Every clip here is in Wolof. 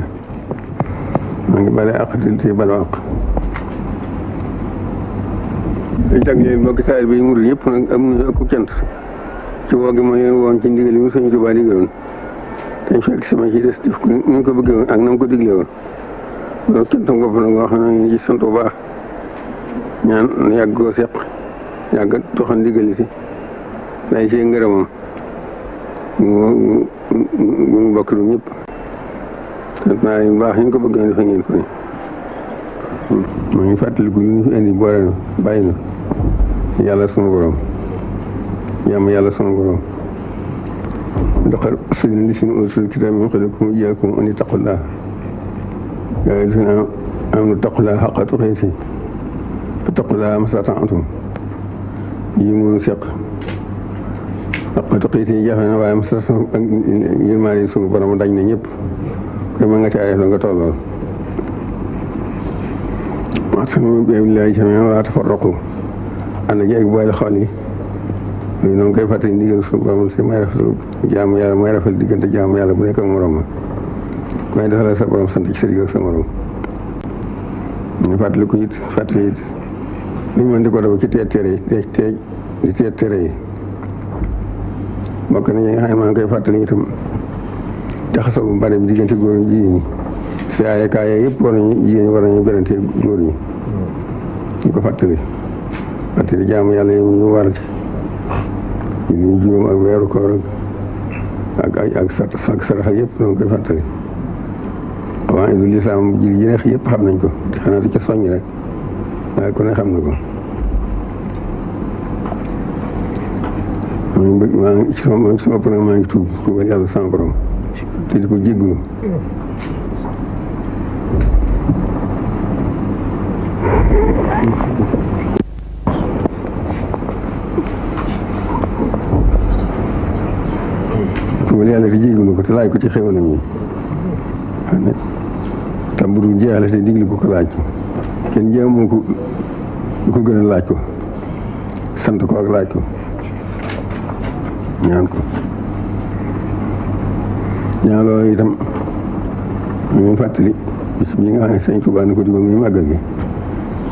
maa ngi bale àq di tey bala àq dañ tàgg yéen mbokki bi mu yëpp nag am na ak cant ci woo gi ma woon ci ndigal yi mu Sëñ Tuubaa digaloon te fekk sama ci des def ko ni ñu ko bëggee woon ak na ko diglee woon loolu cantam bopp la nga xam ne ñu ngi sant bu baax ñaan yàggoo seq yàgg toxan ndigal si day see ngërëmam mu mu bokk lu ñëpp waaye bu baax ñu ko bëgg a defee ngeen ko ni hmm, mu ngi fàttaliku lu ñu fi indi boole na bàyyi na yàlla sunu borom jàmm yàlla sunu borom doxal suñu li suñu usul kitaab min qablikum iyaakum an ittaqullaa yaa ayyuhalladiina aamanuu ittaqullaaha haqqa tuqaatihi wattaqullaaha mastata'tum yi mu seq haqqa tuqaatihi jafe na waaye mastata'tum ak yërmaande sunu ñëpp te mën nga caa def nga tolloon waxtanu billahi jamii'an wa laa tafarraqu boole xol yi loolu koy fàttali ndigal suñu borom si may rafetlu jaamu yàlla may rafetlu diggante jaamu yàlla bu nekka ak morom ma ku may defal sa borom sant ci sa digg sa morom ñu fàttali ko it fàttali it di ko def ci teet tere yi yi bokk na ñi nga xam ne maa ngi koy fàttali itam taxasoo bu bari bi diggante góor ñi jigéen ñi si ay kaay yëpp war nañu jigéen ñi war nañu berante góor ñi ko fàttali fàttali yi ñu war ñu ñu juróom ak weeru koor ak ak ak ak sarax ak yëpp noonu koy fàttali waaw indil lislaam ji yi neex yëpp xam nañ ko xanaa du ca soññ rek waaye ku xam na ko maa ngi ci sama maa ngi ci sama borom maa ngi tuub tuubal yàlla sama borom te di ko jégglu wala ko te laaj ko ci xéwalam yi tamburu jeexale te diglu ko ko laaj kenn jéemoo ko lu ko laaj ko sant ko ak laaj ko ñaan ko ginnaaw loolu itam ñu ngi fàttali bis bi nga xam ne sëñ Tuubaa ni ko digal muy màggal gi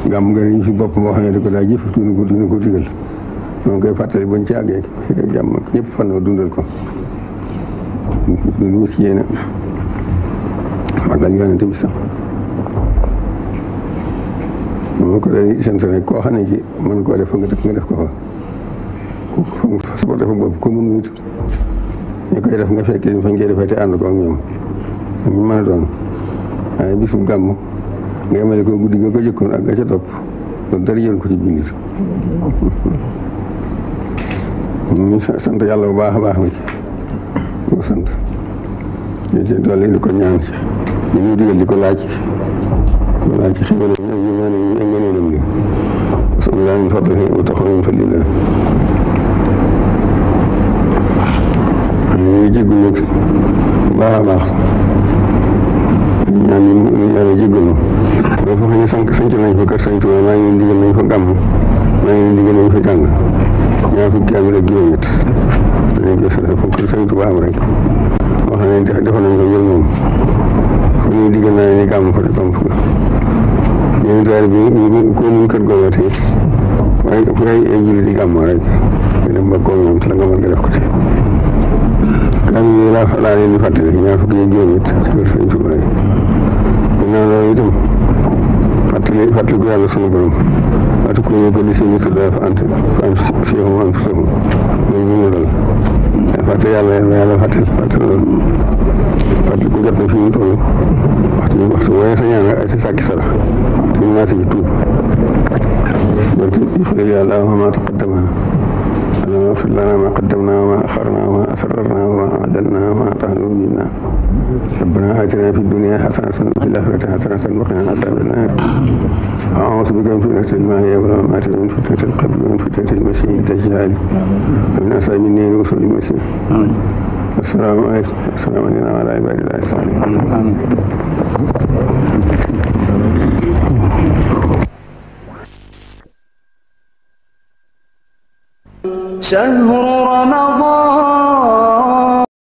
gàmm gën fi bopp boo xam ne di ko daa jëf tuuti ko tuuti ko digal ñoo ngi koy fàttali bañ ci àggee jàmm ak ñëpp fan dundal ko lu si yéene màggal yonente bi sax moo ko day sant rek ne ci mën koo def nga def ko fa ku fa sa bopp ñu koy def nga fekkee fañ koy defee te ànd ko ak ñoom ñu mën a doon waaye bisu gàmm nga yemale ko guddi nga ko jëkkoon ak ga ca topp loolu dara yoon ko ci jullit ñu sant yàlla bu baax a baax na ci ko sant ñu ci dolli di ko ñaan ci ñu ñuy digal di ko laaj ko laaj ci xéwal ñu ak ñu mën a ñu ak mënoonam li sallallahu alayhi wa sallam wa jégalu bu baax a baax ñaan yi yàlla jégalu mais foofu ñu sanc sanc nañ fa kër Sëñ Tuubaa maa ngi leen digal nañ fa gàmm maa ngi leen digal jàng ñaar fukki am rek juróom-ñett léegi kër Sëñ Tuubaa am rek wax nañ defal nañ ko jël moom fu ñuy digal naa ne gàmm fa de gàmm fa ñun daal bi ñu ko ñu kër googu te waaye fu ay di gàmm rek nga dem ba koom ñoom def ko te gan yooyu laa laa leen di fàttali ñaar fukki ak juróom it ngir sëñ Tuubaa yi ginnaaw loolu itam fàttali fàttali ko yàlla sunu borom waatu ko ñu ko di seen tuddaa fa ant fa am fioxum am fisoxum loolu ñu mu dal fàtte yàlla yàlla fàttali fàttali loolu fàttali ko jot na fi ñu toll waxtu waxtu waaye sa ñaan ak si sàkki sarax te ñu naa si tuub donc il faut yàlla amaat xaddamaana واغفر لنا ما قدمنا وما أخرنا وما أسررنا وما أعدلنا وما أطهر منا ربنا آتنا في الدنيا حسنة وفي الآخرة حسنة وقنا عذاب النار أعوذ بك من فتنة الماء والممات من فتنة القبر ومن فتنة المسيح الدجال من أصحاب النيل وسوء المسيح السلام عليكم السلام علينا وعلى عباد الله الصالحين شهر رمضان